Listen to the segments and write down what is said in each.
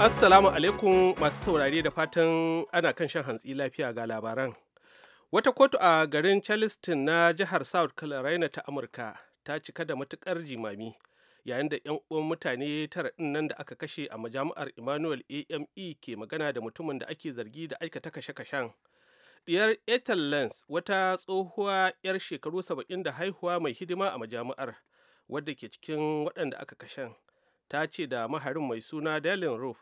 Assalamu alaikum masu saurare da fatan ana kan shan hantsi lafiya ga labaran. Wata kotu a garin Charleston na jihar South Carolina ta Amurka ta cika da matukar jimami yayin da 'yan uwan mutane tara ɗin nan da aka kashe a majami'ar Emmanuel AME ke magana da mutumin da ake zargi da aikata kashe-kashen. Diyar Ethel Lenz wata tsohuwa 'yar shekaru saba'in da haihuwa mai hidima a majami'ar wadda ke cikin waɗanda aka kashen. ta ce da maharin mai suna dalin Roof,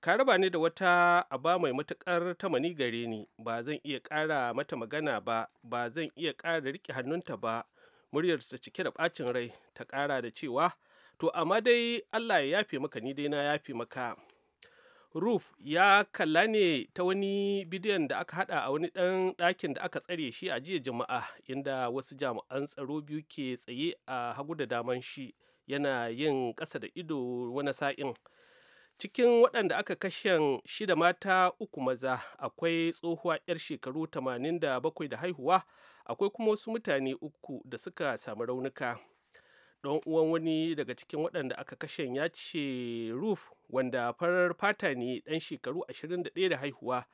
ka raba ni da wata aba mai matukar tamani gare ni, ba zan iya ƙara mata magana ba, ba zan iya ƙara da riƙe hannunta ba, muryarsa cike da ɓacin rai, ta ƙara da cewa, to amma dai Allah ya yafe maka ni dai na yafe maka. Roof ya kalla ne ta wani bidiyon da aka hada a wani ɗan ɗakin da aka tsare shi a jiya jama'a inda wasu jami'an tsaro biyu ke tsaye a hagu da daman shi yana yin ƙasa da ido wani sa'in cikin waɗanda aka kashen shida mata uku maza akwai tsohuwa 'yar shekaru 87 da haihuwa akwai kuma wasu mutane uku da suka samu raunuka don uwan wani daga cikin waɗanda aka kashen ya ce ruf wanda farar fata ne ɗan shekaru 21 da haihuwa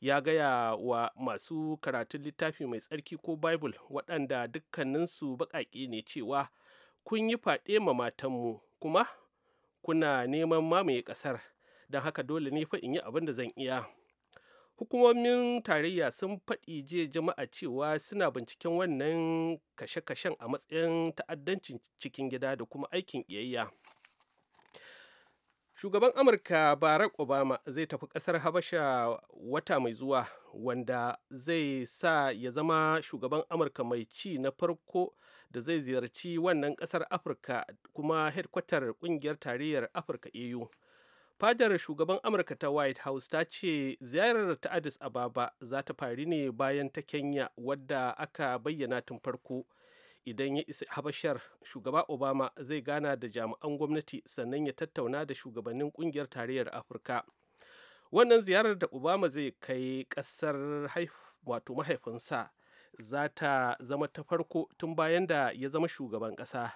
ya gaya wa masu karatun littafi mai tsarki ko bible waɗanda dukkaninsu baƙaƙe ne cewa kun yi faɗe ma matanmu kuma kuna neman mamaye ƙasar don haka dole ne fa in yi abin da zan iya hukumomin tarayya sun faɗi je jama'a cewa suna binciken wannan kashe-kashen a matsayin ta'addancin cikin gida da kuma aikin ƙiyayya shugaban amurka barack obama zai tafi ƙasar habasha wata mai zuwa wanda zai sa ya zama shugaban amurka mai ci na farko da zai ziyarci wannan kasar afirka kuma hedkwatar ƙungiyar tarayyar afirka eu fadar shugaban amurka ta white house ta ce ziyarar ta addis ababa za ta fari ne bayan ta kenya wadda aka bayyana tun farko idan ya isa habashar shugaba obama zai gana da jami'an gwamnati sannan ya tattauna da shugabannin kungiyar tarayyar afirka wannan ziyarar da obama zai kai kasar wato mahaifinsa za ta zama ta farko tun bayan da ya zama shugaban ƙasa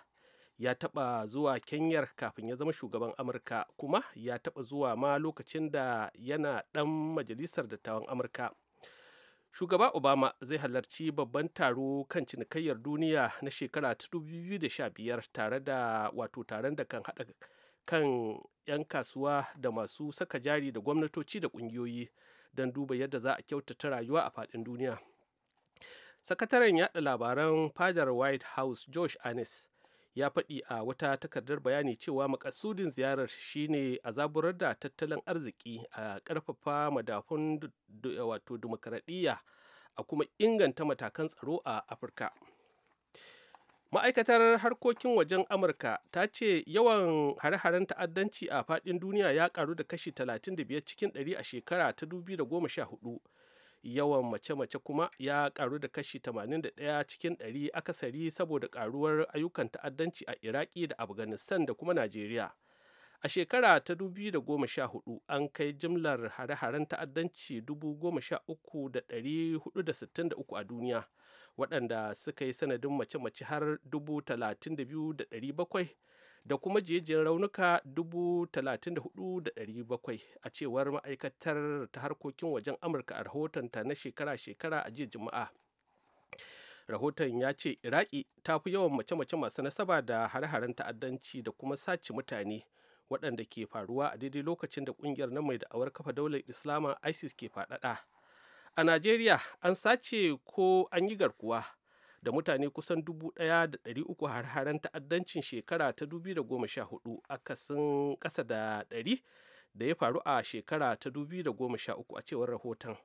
ya taɓa zuwa kenyar kafin ya zama shugaban amurka kuma ya taɓa zuwa ma lokacin da yana ɗan majalisar dattawan amurka shugaba obama zai halarci babban taro kan cinikayyar duniya na shekara ta 2015 tare da wato taron da kan haɗa kan 'yan kasuwa da masu saka jari da gwamnatoci da ƙungiyoyi don duba yadda za a kyautata rayuwa a faɗin duniya sakataren yaɗa labaran fadar white house josh annis ya faɗi a wata takardar bayani cewa makasudin ziyarar shine a zaburar da tattalin arziki a ƙarfafa madafun wato dimokuraɗiyya a kuma inganta matakan tsaro a afirka ma'aikatar harkokin wajen amurka ta ce yawan hare-haren ta'addanci a faɗin duniya ya ƙaru da kashi 35 cikin 100 a shekara ta 2014 yawan mace-mace kuma ya karu da kashi 81 cikin 100 akasari saboda karuwar ayyukan ta'addanci a iraki da afghanistan da kuma najeriya a shekara ta 2014 an kai jimlar hare-haren ta'addanci 13,463 a duniya waɗanda suka yi sanadin mace-mace har 32,700 da kuma jejin raunuka 34,700 a cewar ma'aikatar ta harkokin wajen amurka a rahotonta na shekara-shekara a jiya juma'a rahoton ya ce iraki ta fi yawan mace-mace masu nasaba da hare-haren ta'addanci da kuma sace mutane waɗanda ke faruwa a daidai lokacin da ƙungiyar na mai da'awar kafa daular islama isis ke faɗaɗa a najeriya an sace ko an yi garkuwa da mutane kusan dubu da 1,300 har-haren ta'addancin shekara ta 2014 akasin ƙasa da 100 da ya faru a shekara ta 2013 a cewar rahoton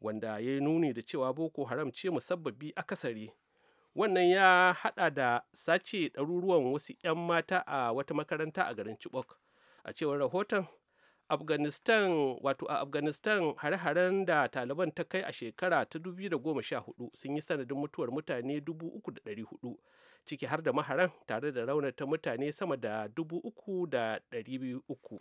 wanda ya yi nuni da cewa boko haram ce musabbabi akasari wannan ya hada da sace ɗaruruwan wasu 'yan mata a wata makaranta a garin chibok a cewar rahoton afghanistan wato a afghanistan hare-haren da taliban ta kai a shekara ta 2014 sun yi sanadin mutuwar mutane 3,400 ciki har da maharan tare da ta mutane sama da 3,300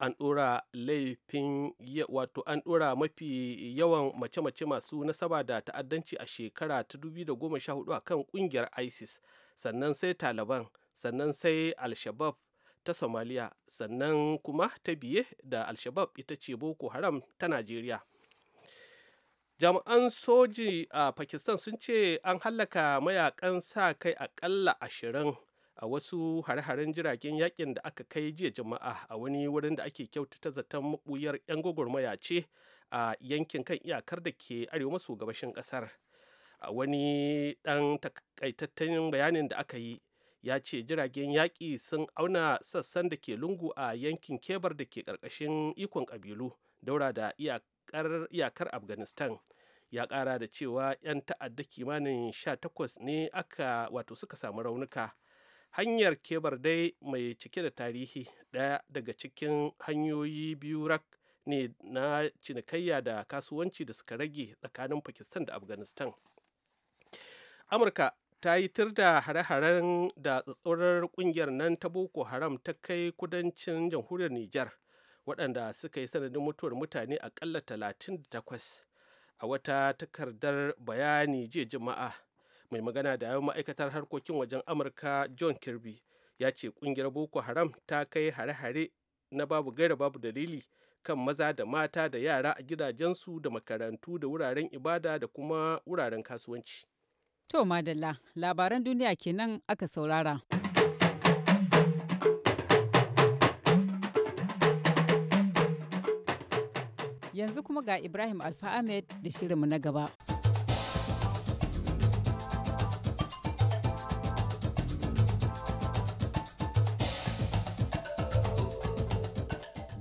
an ɗora laifin wato an ɗora mafi yawan mace-mace masu nasaba da ta'addanci a shekara ta 2014 a kan ƙungiyar isis sannan sai taliban sannan sai al-shabab ta somaliya sannan kuma ta biye da alshabab ita ce boko haram ta najeriya jami'an soji a pakistan sun ce an hallaka mayakan sa kai akalla ashirin a wasu hare-haren jiragen yakin da aka kai jiya jama'a a wani wurin da ake kyautata zaton mabuyar 'yan gwagwarmaya ce a yankin kan iyakar da ke arewa maso gabashin kasar a wani dan takaitattun bayanin da aka yi ya ce jiragen yaƙi sun auna sassan da ke lungu a yankin kebar da ke ƙarƙashin ikon ƙabilu daura da iyakar afghanistan ya ƙara da cewa 'yan ta'adda kimanin 18 ne aka wato suka samu raunuka hanyar kebar dai mai cike da tarihi ɗaya daga cikin hanyoyi biyu rak ne na cinikayya da kasuwanci da suka rage tsakanin pakistan da afghanistan amurka ta yi tur da hare-haren da tsatsaurar kungiyar nan ta boko haram ta kai kudancin jamhuriyar nijar waɗanda suka yi sanadin mutuwar mutane aƙalla 38 a wata takardar bayani jiya jima'a mai magana da yawan ma'aikatar harkokin wajen amurka john kirby ya ce kungiyar boko haram ta kai hare-hare na babu gaira babu dalili kan maza da mata da yara a gidajensu da makarantu da wuraren ibada da kuma wuraren kasuwanci. To Madalla, labaran duniya kenan aka saurara. Yanzu kuma ga Ibrahim Alfa Ahmed da shirinmu na gaba.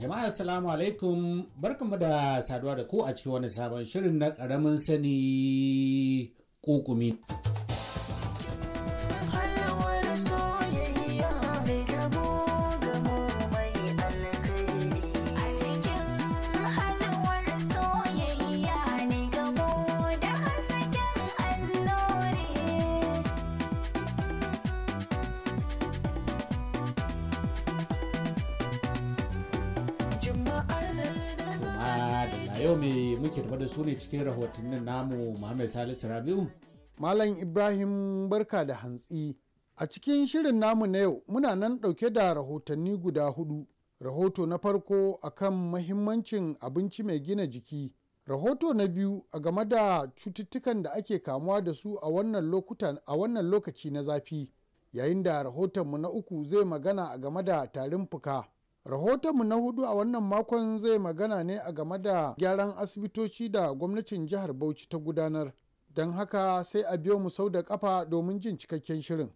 jama'a assalamu alaikum barkanmu da saduwa da ku a cikin wani sabon shirin na ƙaramin sani kokumi. cikin rahotannin namu Muhammad Salisu Rabiu. Malam Ibrahim barka da hantsi. A cikin shirin namu na yau muna nan ɗauke da rahotanni guda hudu. Rahoto na farko akan mahimmancin abinci mai gina jiki. Rahoto na biyu a game da cututtukan da ake kamuwa da su a wannan lokaci na zafi. Yayin da rahotonmu na uku zai magana a game da tarin fuka. rahotonmu na hudu a wannan makon zai magana ne a game da gyaran asibitoci da gwamnatin jihar bauchi ta gudanar don haka sai a biyo mu sau da kafa domin jin cikakken shirin.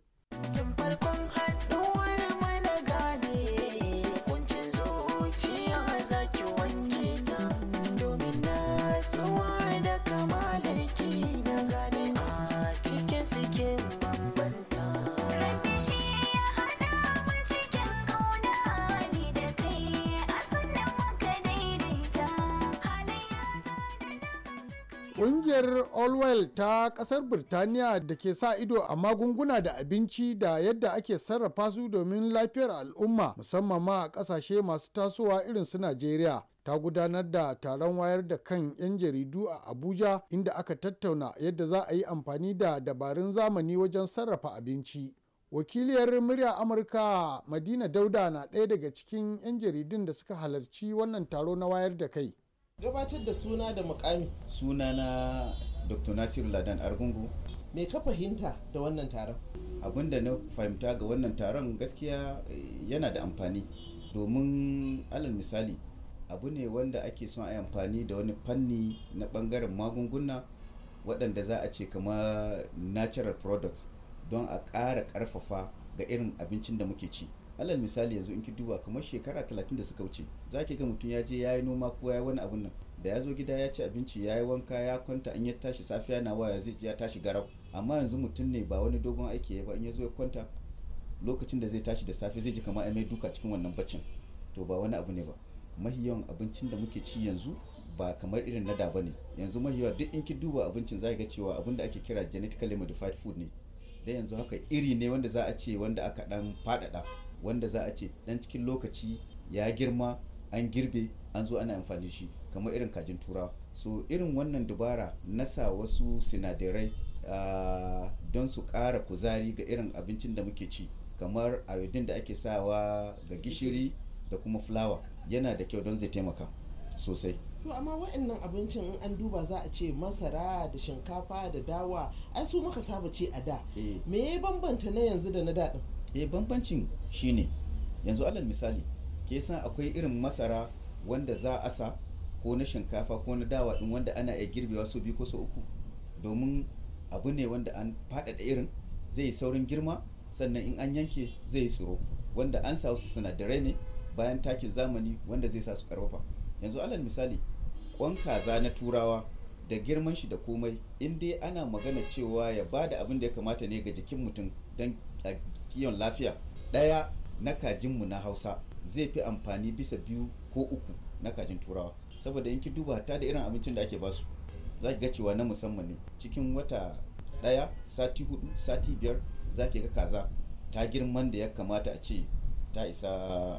kungiyar allwell ta kasar Birtaniya da ke sa ido a magunguna da abinci da yadda ake sarrafa su domin lafiyar al'umma musamman ma a kasashe masu tasowa irin su Najeriya. ta gudanar da taron wayar da kan 'yan jaridu a abuja inda aka tattauna yadda za a yi amfani da dabarun zamani wajen sarrafa abinci wakiliyar murya amurka madina dauda na ɗaya daga cikin 'yan jaridun da suka halarci wannan taro na wayar da kai gabatar da suna da mukami suna na dr nasiru ladan argungu me ka fahimta da wannan taron abin da na fahimta ga wannan taron gaskiya eh, yana da amfani domin alal misali abu ne wanda ake son a amfani da wani fanni na bangaren magunguna waɗanda za a ce kama natural products don a ƙara ƙarfafa ga irin abincin da muke ci alal misali yanzu in ki duba kamar shekara talatin da suka wuce za ki ga mutum ya je ya yi noma ko ya yi wani abun nan da ya zo gida ya ci abinci ya yi wanka ya kwanta in ya tashi safiya na waya zai ya tashi garau amma yanzu mutum ne ba wani dogon aiki ya ba in ya zo ya kwanta lokacin da zai tashi da safe zai ji kamar mai duka cikin wannan baccin to ba wani abu ne ba mahiyawan abincin da muke ci yanzu ba kamar irin na da ba ne yanzu mahiyawa duk in ki duba abincin za ga cewa abin da ake kira genetically modified food ne dan yanzu haka iri ne wanda za a ce wanda aka dan faɗaɗa wanda za a ce dan cikin lokaci ya girma an girbe an zo ana amfani shi kamar irin kajin turawa so irin wannan dubara na sa wasu sinadarai don su kara kuzari ga irin abincin da muke ci kamar ayodin da ake sawa ga gishiri da kuma fulawa yana da kyau don zai taimaka sosai to amma waɗannan abincin in an duba za a ce masara da shinkafa da dawa ai su muka saba ce a da eh. me bambanta na yanzu da na daɗin eh bambancin shine yanzu alal misali ke san akwai irin masara wanda za a sa ko na shinkafa ko na dawa din wanda ana iya girbewa wasu biyu ko so uku domin abu ne wanda an faɗaɗa irin zai yi saurin girma sannan in an yanke zai yi tsoro wanda an sa wasu sinadarai ne bayan takin zamani wanda zai sa su karfafa yanzu alal misali kwan kaza na turawa da girman shi da komai in dai ana magana cewa ya ba da abin da ya kamata ne ga jikin mutum don kiwon lafiya ɗaya na kajinmu na hausa zai fi amfani bisa biyu ko uku na kajin turawa saboda in ki duba ta da irin abincin da ake basu za ki ga cewa na musamman ne cikin wata ɗaya sati hudu sati biyar za ki ga kaza ta girman da ya kamata a ce ta isa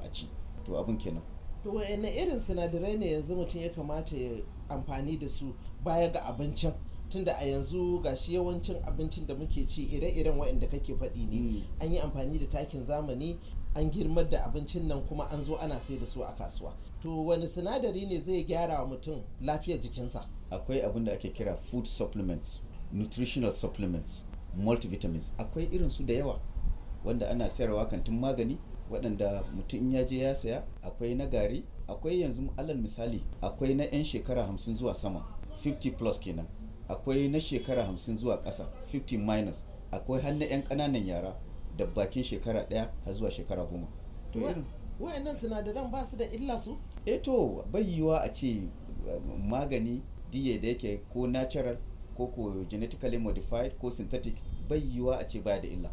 a ci to abin kenan to wa'ina irin sinadarai ne yanzu mutum ya kamata ya amfani da su baya ga abincin tunda a yanzu gashi yawancin abincin da muke ci ire-iren waɗanda kake faɗi ne mm. an yi amfani da takin zamani an girmar da abincin nan kuma an zo ana sai da su a kasuwa to wani sinadari ne zai gyara wa mutum lafiyar jikinsa akwai abin da ake kira food supplements nutritional supplements multivitamins akwai irin su da yawa wanda ana sayarwa kantin magani waɗanda mutum ya je ya saya akwai na gari akwai yanzu alal misali akwai na 'yan shekara 50 zuwa sama 50 plus kenan akwai na shekara hamsin zuwa ƙasa 15 minus akwai har 'yan ƙananan yara da bakin shekara ɗaya har zuwa shekara goma to wa'annan sinadaran ba su da illa su e to bai yiwa a ce eh, magani diye da yake ko natural ko ko genetically modified ko synthetic bai yiwa a ce baya da illa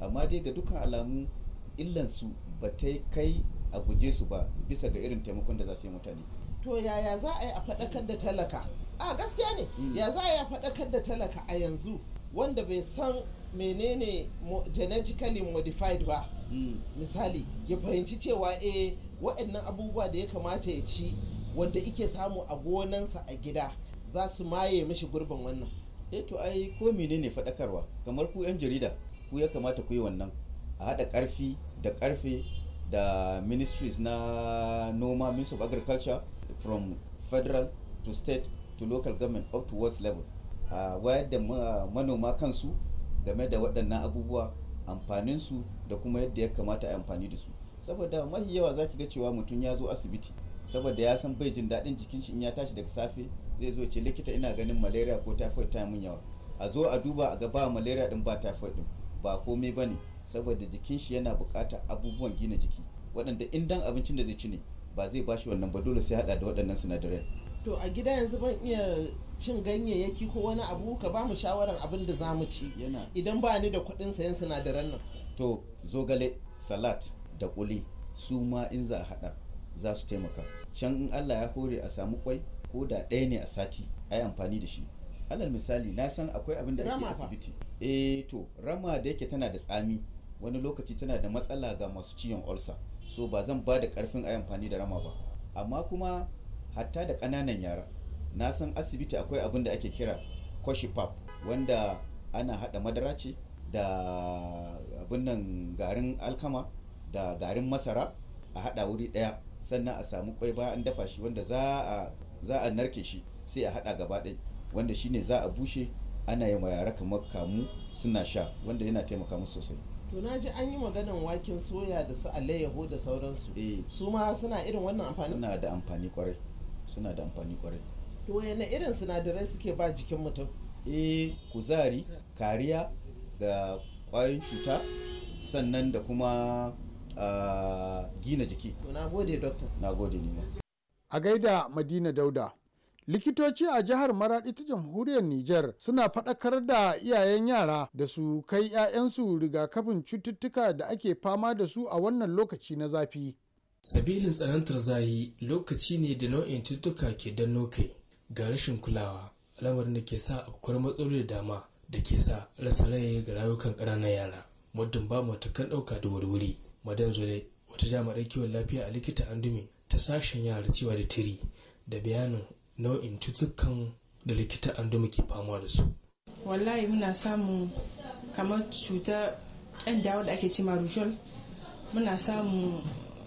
amma dai ga dukkan alamu illan su ba ta kai a guje su ba bisa ga irin taimakon da za su yi mutane to yaya za a yi a faɗakar da talaka a gaskiya ne mm. ya za ya faɗakar da talaka a yanzu wanda bai san menene genetically modified ba mm. misali ya fahimci cewa eh waɗannan abubuwa da ya kamata ya ci wanda ike samu a gonansa a gida za su maye mishi gurbin wannan eh to ai ko menene faɗakarwa kamar ku 'yan jarida ku ya kamata ku yi wannan a haɗa ƙarfi da ƙarfe da ministries na noma ministry of agriculture from federal to state to local government up to what level a wayar da manoma kansu game da waɗannan abubuwa amfaninsu da kuma yadda ya kamata a amfani da su saboda mahi yawa za ki ga cewa mutum ya zo asibiti saboda ya san bai jin daɗin jikin shi in ya tashi daga safe zai zo ce likita ina ganin malaria ko typhoid ta mun yawa a zo a duba a ga ba malaria din ba typhoid din ba komai bane saboda jikin shi yana buƙatar abubuwan gina jiki waɗanda in dan abincin da zai ci ne ba zai bashi wannan ba dole sai hada da waɗannan sinadarai. to a gida yanzu ban iya cin ganyayyaki ko wani abu ka ba mu shawaran abin da za mu ci idan ba ni da kuɗin sayan sinadaran nan to zogale salat da kuli su ma in za a haɗa za su taimaka can in allah ya kore a samu kwai ko da ɗaya ne a sati a yi amfani da shi alal misali na san akwai abin da ake asibiti eh to rama da yake tana da tsami wani lokaci tana da matsala ga masu ciwon olsa so ba zan ba da karfin a amfani da rama ba amma kuma hatta da ƙananan yara na san asibiti akwai abin da ake kira pap wanda ana haɗa madara ce da abin nan garin alkama da garin masara a haɗa wuri ɗaya sannan a samu kwai bayan an dafa shi wanda za a narke shi sai a haɗa gaba daya wanda shine za a bushe ana yi ma yara kamar kamu suna sha wanda yana taimaka musu sosai to na ji an yi maganan waken soya da su alayyaho da sauransu eh. su ma suna irin wannan amfani suna da amfani kwarai suna da amfani kwarai wayanne irin sinadarai suke ba jikin mutum e kuzari kariya ga kwayoyin cuta sannan da kuma gina jiki na gode doktor. na gode nima a gaida madina dauda likitoci a jihar maradi ta jamhuriyar niger suna faɗakar da iyayen yara da su kai 'ya'yansu rigakafin cututtuka da ake fama da su a wannan lokaci na zafi Sabilin tsanantar zahi lokaci ne da nau'in cututtuka ke danno kai ga rashin kulawa, lamarin da ke sa akwai matsaloli da dama da ke sa rasa rai ga rayukan ƙananan yara. Muddin ba matakan ɗauka da wurwuri. Madan Zule, wata jami'ar kiwon lafiya a likita Andumi ta sashen yara cewa da tiri da bayanin nau'in cututtukan da likita Andumi ke fama da su. Wallahi muna samun kamar cutar dawo da ake cima rujol muna samun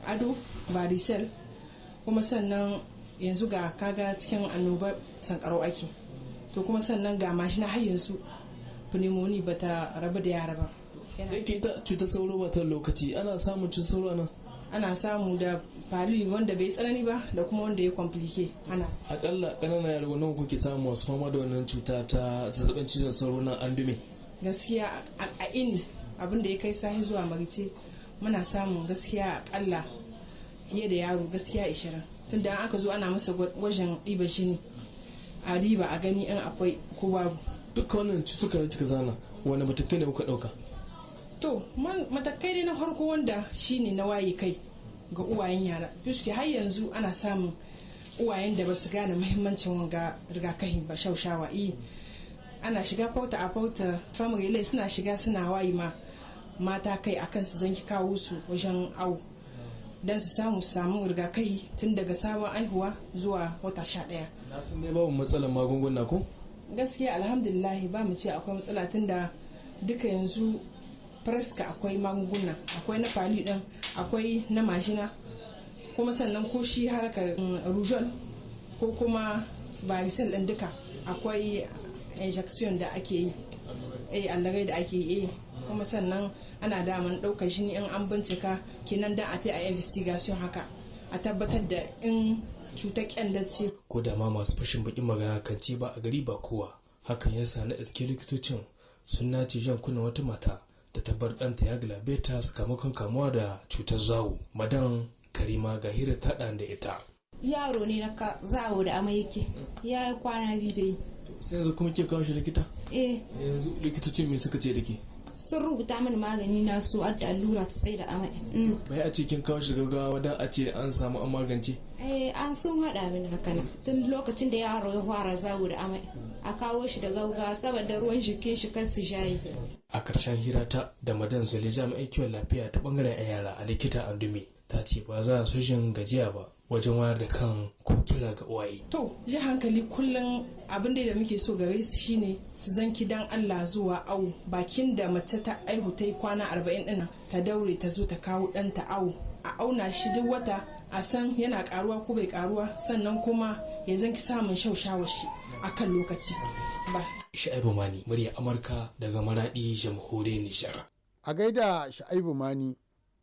ado baricel kuma sannan yanzu ga kaga cikin annobar sankarau ake to kuma sannan ga mashina har yanzu pneumoni ba ta rabu da yara ba yake ta cutar sauro ba ta lokaci ana samun cutar sauro nan ana samu da palu wanda bai tsanani ba da kuma wanda ya komplike ana akalla ƙanana yara nawa kuke samu wasu fama da wannan cuta ta zazzabin cizon sauro nan an dume gaskiya a in abin da ya kai sahi zuwa marice muna samun gaskiya akalla fiye da yaro gaskiya ishirin tunda an aka zo ana masa gwajin ɗiba jini a riba a gani in akwai ko babu duka wannan cutuka da kika zana wani matakai ne kuka ɗauka to matakai dai na farko wanda shine na waye kai ga uwayen yara fiske har yanzu ana samun uwayen da basu gane muhimmancin wanga rigakafi ba shaushawa eh, ana shiga fauta a fauta family suna shiga suna wayi ma mata kai a kansu zan ki kawo su wajen awo don su samu samu rigakafi tun daga sabon aihuwa zuwa wata sha ɗaya. na san ne babu matsalar magunguna ko? gaskiya alhamdulillahi ba mu ce akwai matsala tun da duka yanzu faraska akwai magunguna akwai na fali ɗin akwai na majina kuma sannan ko shi harkar mm, rujon ko kuma varicel ɗin duka akwai injection da ake yi eh da ake yi eh. kuma sannan ana daman ɗaukar shi in an bincika kinan da a ta a investigation haka a tabbatar da in cutar kyandar ce ko da ma masu fashin bakin magana kan ci ba a gari ba kowa hakan ya sa na iske likitocin sun nace jan kunna wata mata da tabbar ɗanta ya galabeta sakamakon kamuwa da cutar zawo madan karima ga hira ta da ita yaro ne na ka zawo da amai yake ya yi kwana biyu da yi sai yanzu kuma ke kawo shi likita eh yanzu likitocin me suka ce da ke sun rubuta mini magani na su adda allura ta tsaye da amai bai mm. a cikin kawo shi gaggawa don a ce an samu an magance eh an sun hada mini haka nan mm. tun lokacin da yaro ya fara zawo da amai mm. a kawo shi da gauga saboda ruwan jikin shi kan su shayi a karshen hira ta da madan zuli jami'ai kiwon lafiya ta bangaren yara a likita a dumi ta ce ba za su jin gajiya ba wajen wayar da kan ko kira ga uwaye. To, ji hankali kullum abin da muke so gare su shine su zanki dan Allah zuwa awu bakin da mace ta aihu ta yi kwana arba'in ɗin ta daure ta zo ta kawo ɗanta awu a auna shi duk wata a san yana karuwa ko bai karuwa sannan kuma ya zan ki samun shaushawa shi akan lokaci ba. Sha'ibu Mani, murya Amurka daga Maraɗi, jamhuriyar Nijar. A gaida Sha'ibu Mani,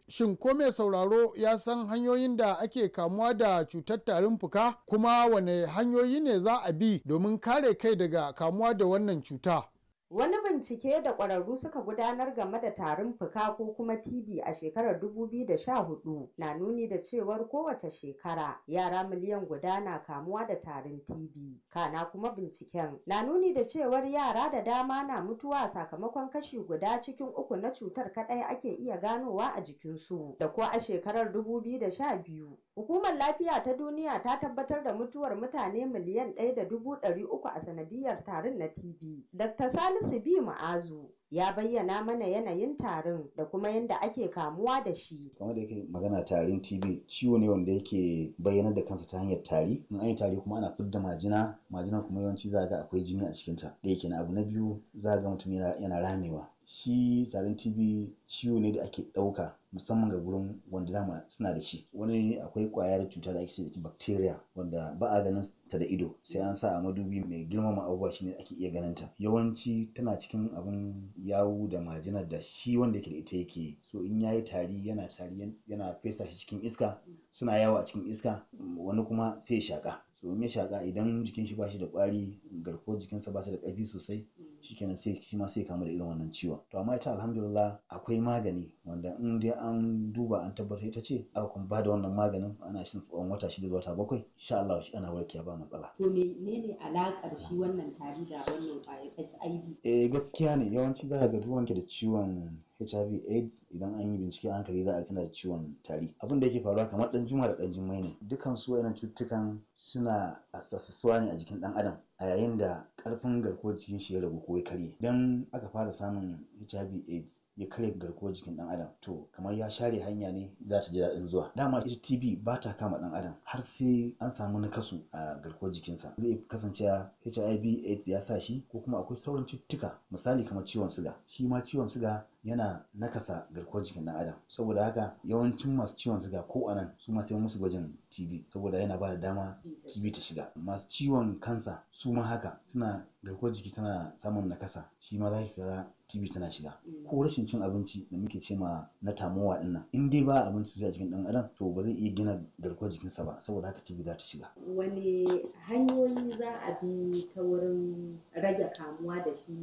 shin ko mai sauraro ya san hanyoyin da ake kamuwa da cutar tarin fuka kuma wane hanyoyi ne za a bi domin kare kai daga kamuwa da wannan cuta wani bincike da ƙwararru suka gudanar game da tarin fuka ko kuma TB a shekarar dubu da sha hudu na nuni da cewar kowace shekara yara miliyan guda na kamuwa da tarin TB. Kana kuma binciken na nuni da cewar yara da dama na mutuwa sakamakon kashi guda cikin uku na cutar kaɗai ake iya ganowa a jikin su, da ko a shekarar dubu biyu da sha biyu. Hukumar Lafiya ta Duniya ta tabbatar da mutuwar mutane miliyan ɗaya da dubu ɗari uku a sanadiyyar tarin na TB. Dr. Salisu B. Aliyu Ma'azu ya bayyana mana yanayin tarin da kuma yadda ake kamuwa da shi. Kamar da yake magana tarin TB ciwo ne wanda yake bayyanar da kansa ta hanyar tari. In an yi tari kuma ana fidda majina, majinar kuma yawanci za ga akwai jini a cikinta. Ɗaya kenan. Abu na biyu za ga mutum yana ramewa. Shi tarin TB ciwo ne da ake ɗauka musamman ga gurin wanda dama suna da shi. Wani akwai ƙwayar cuta da ake ce da bacteria wanda ba a ganin ta da ido sai an sa madubi mai girmama abubuwa shine ake iya ganin ta yawanci tana cikin abun yawu da majinar da shi wanda yake da ita yake so in yayi tari yana tari yana fesa shi cikin iska suna yawo a cikin iska wani kuma sai ya shaka so in ya shaka idan jikin shi bashi da kwari garkuwar jikinsa ba ta da ƙarfi sosai shikenan sai shi ma sai kamu da irin wannan ciwon to amma ita alhamdulillah akwai magani wanda in dai an duba an tabbatar ita ce aka kuma ba da wannan maganin ana shan tsawon wata shida wata bakwai insha Allah shi ana warkewa ba matsala to menene alakar shi wannan tari da wannan HIV eh gaskiya ne yawanci za ka ga duk wanda da ciwon HIV AIDS idan an yi bincike hankali za a kana da ciwon tari abin da yake faruwa kamar dan juma da dan jummai ne dukan su wayannan cututtukan suna assasuwa ne a jikin ɗan adam a yayin da ƙarfin garkuwar jikin shi ya ragu ko ya karye idan aka fara samun hiv aids ya karya garkuwar jikin ɗan adam to kamar ya share hanya ne za ta ji daɗin zuwa dama ita tv ba ta kama ɗan adam har sai an samu nakasu a garkuwar jikinsa zai kasance hiv aids ya sa shi ko kuma akwai sauran cututtuka misali kamar ciwon suga shi ma ciwon suga yana nakasa garkuwar jikin ɗan adam saboda haka yawancin masu ciwon suga ko anan su ma sai musu gwajin tb saboda yana ba da dama tb ta shiga masu ciwon kansa su ma haka suna garkuwar jiki tana samun nakasa shi ma za ka tv tana shiga ko rashin cin abinci da muke ce na tamowa din in dai ba abinci zuwa jikin dan adam to ba zai iya gina garkuwar jikinsa ba saboda haka tb za ta shiga wani hanyoyi za a bi ta wurin rage kamuwa da shi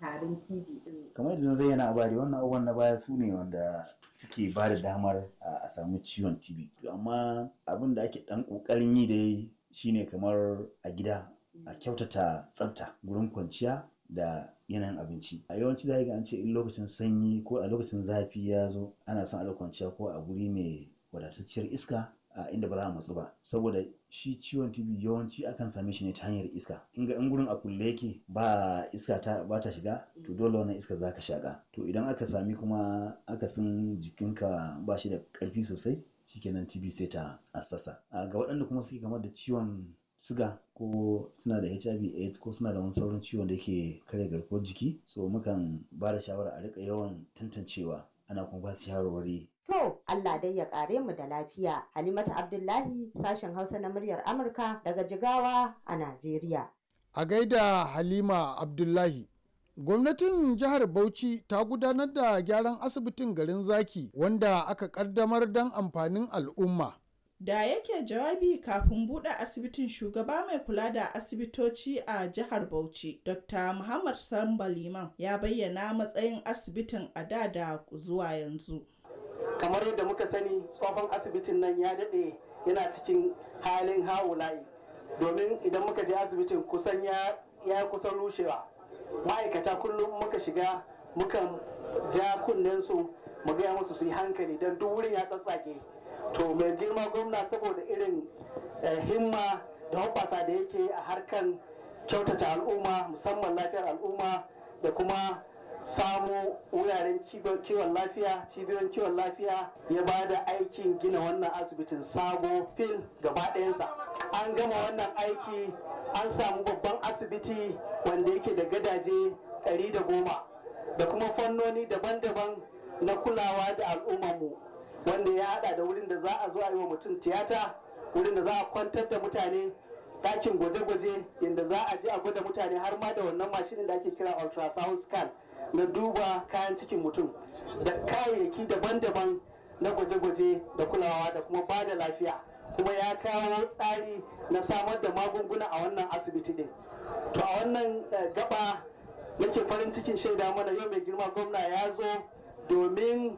tarin tb din kamar yadda na bayyana a wannan abubuwan na baya su ne wanda suke ba da damar a samu ciwon To amma abin da ake dan kokarin yi dai shine kamar a gida a kyautata tsafta gurin kwanciya da yanayin abinci a yawanci za ga an ce in lokacin sanyi ko a lokacin zafi ya zo ana son ana kwanciya ko a guri mai wadatacciyar iska a inda ba za a matsu ba saboda shi ciwon tibi yawanci akan same shi ne ta hanyar iska in ga in gurin a kulle yake ba iska ta ba ta shiga to dole wannan iska za ka shaƙa to idan aka sami kuma aka san jikinka ba shi da ƙarfi sosai shikenan tibi sai ta assasa ga waɗanda kuma suke kamar da ciwon siga ko suna da hiv aids ko suna da wani sauran ciwon da yake karya garkuwar jiki so mukan ba da shawara a rika yawan tantancewa ana kuma ba su shawarwari To Allah dai ya kare mu da lafiya. Halimatu Abdullahi sashen Hausa na muryar Amurka daga Jigawa a Najeriya. A gaida Halima Abdullahi. Gwamnatin jihar Bauchi ta gudanar da gyaran asibitin garin Zaki wanda aka kaddamar don amfanin al'umma. Da yake jawabi kafin buɗe asibitin shugaba mai kula da asibitoci a jihar Bauchi, Dr. Muhammad Samba Liman ya bayyana matsayin asibitin a da da zuwa yanzu. Kamar yadda muka sani tsohon asibitin nan ya daɗe yana cikin halin layi domin idan muka je asibitin kusan ya kusan rushewa. Ma'aikata kullum muka shiga muka ja kunnensu mu gaya musu su yi hankali don duk wurin ya tsatsage. to mai girma gwamna saboda irin eh, himma da hoɓasa da yake a harkan kyautata al'umma musamman lafiyar al'umma da kuma samu wuraren kiwon lafiya cibiyoyin kiwon lafiya ya ba da aikin gina wannan asibitin sabo fil gaba ɗayansa an gama wannan aiki an samu babban asibiti wanda yake da gadaje ɗari da goma da kuma fannoni daban-daban na kulawa da mu. wanda ya hada da wurin da za a zo a yi wa mutum tiyata wurin da za a kwantar da mutane ɗakin gwaje-gwaje inda za a je a gwada mutane har ma da wannan mashinin da ake kira ultrasound scan na duba kayan cikin mutum da kayayyaki daban-daban na gwaje-gwaje da kulawa da kuma ba da lafiya kuma ya kawo tsari na samar da magunguna a wannan asibiti din to a wannan eh, gaba muke farin cikin shaida mana yau mai girma gwamna ya zo domin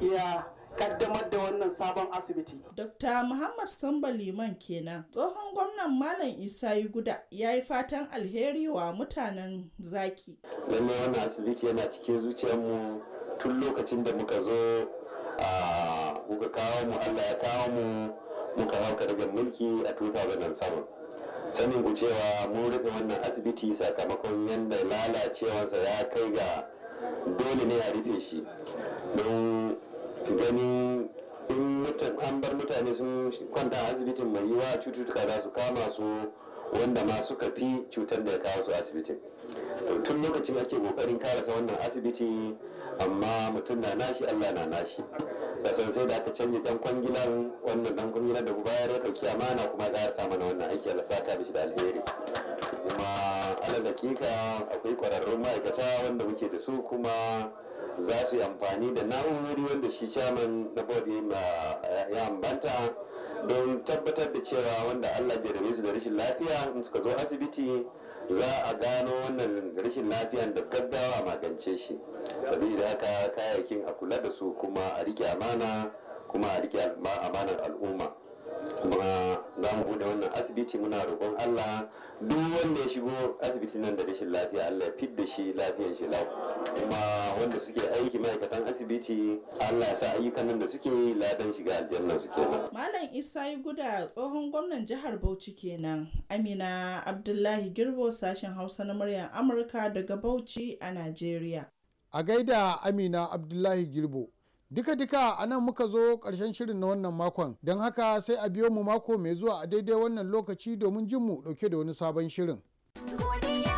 ya kaddamar da wannan sabon asibiti. Dr. Muhammad Samba Liman kenan tsohon gwamnan Malam Isa Guda ya yi fatan alheri wa mutanen zaki. Lallai wannan asibiti yana cikin zuciyarmu tun lokacin da muka zo a kuka kawo mu Allah ya kawo mu muka hauka daga mulki a sama. sanin ku cewa mun rufe wannan asibiti sakamakon yadda lalacewarsa ya kai ga dole ne a rufe shi don ganin in an bar mutane sun kwanta asibitin mai yiwa cututtuka za su kama su wanda ma suka fi cutar da ya kawo su asibitin tun lokacin ake kokarin karasa wannan asibiti amma mutum na nashi allah na nashi kasan sai da aka canji dan kwangilan wannan dan kwangilan da bayar ya ɗauki amana kuma ya karsa mana wannan aiki Allah saka mishi da alheri kuma ala dakika akwai kwararrun ma'aikata wanda muke da su kuma za su yi amfani da na'urori wanda shi chairman na board ya ambanta don tabbatar da cewa wanda Allah jarabe su da rashin lafiya in suka zo asibiti za a gano wannan rashin lafiyan da gaggawa a magance shi saboda haka kayayyakin a kula da su kuma a rike amana kuma a rike amanar al'umma kuma za mu bude wannan asibiti muna roƙon Allah duk wanda ya shigo asibiti nan da rashin lafiya Allah ya fidda shi lafiyar shi kuma wanda suke aiki ma'aikatan asibiti Allah ya sa ayyukan nan da suke yi ladan shiga aljanna suke nan. Malam Isa Guda tsohon gwamnan jihar Bauchi kenan Amina Abdullahi Girbo sashen Hausa na muryar Amurka daga Bauchi a Najeriya. A gaida Amina Abdullahi Girbo. Duka-duka a nan muka zo ƙarshen shirin na wannan makon, don haka sai a biyo mu mako mai zuwa a daidai wannan lokaci domin jin mu ɗauke da wani sabon shirin. Godiya.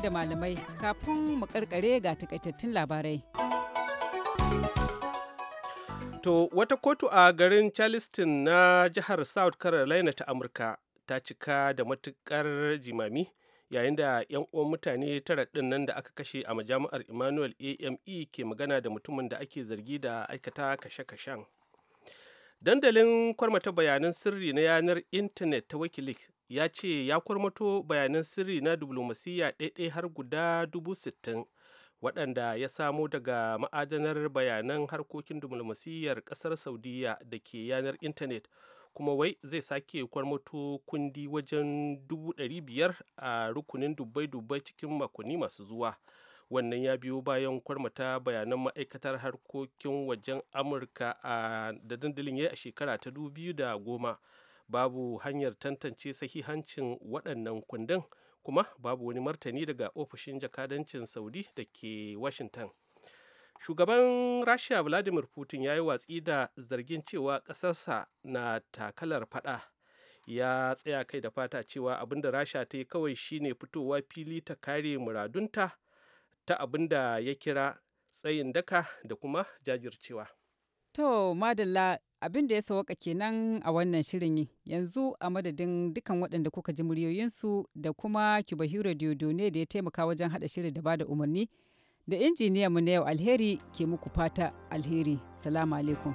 da malamai kafin mu karkare ga takaitattun labarai. To wata kotu a garin Charleston na jihar South Carolina ta Amurka ta cika da matukar jimami yayin da 'yan uwan mutane tara ɗin nan da aka kashe a majami'ar Emmanuel AME ke magana da mutumin da ake zargi da aikata kashe-kashen. Dandalin kwarmata bayanan sirri na yanar intanet ta Wikileaks ya ce ya kwarmato bayanan sirri na diplomasiyya ɗaiɗai har guda dubu waɗanda ya samo daga ma'adanar bayanan harkokin diflomasiyyar ƙasar saudiyya da ke yanar intanet kuma wai zai sake kwarmato kundi wajen 500 a rukunin dubbai-dubbai cikin makonni masu zuwa wannan ya biyo bayan kwarmata bayanan ma'aikatar harkokin wajen amurka a da dandalin ya a shekara ta 2010 babu hanyar tantance sahihancin waɗannan kundin kuma babu wani martani daga ofishin jakadancin saudi da ke washington shugaban rasha vladimir putin ya yi watsi da zargin cewa ƙasarsa na takalar fada ya tsaya kai da fata cewa abinda rasha ta yi kawai shine fitowa fili ta kare muradunta ta abinda ya kira tsayin daka da kuma jajircewa To, Madalla abin da ya sawaka kenan a wannan shirin yanzu a madadin dukkan waɗanda kuka ji muryoyinsu da kuma kibahiro ne da ya taimaka wajen haɗa shirin da ba da umarni da injiniyan mu na yau alheri ke muku fata alheri salamu alaikum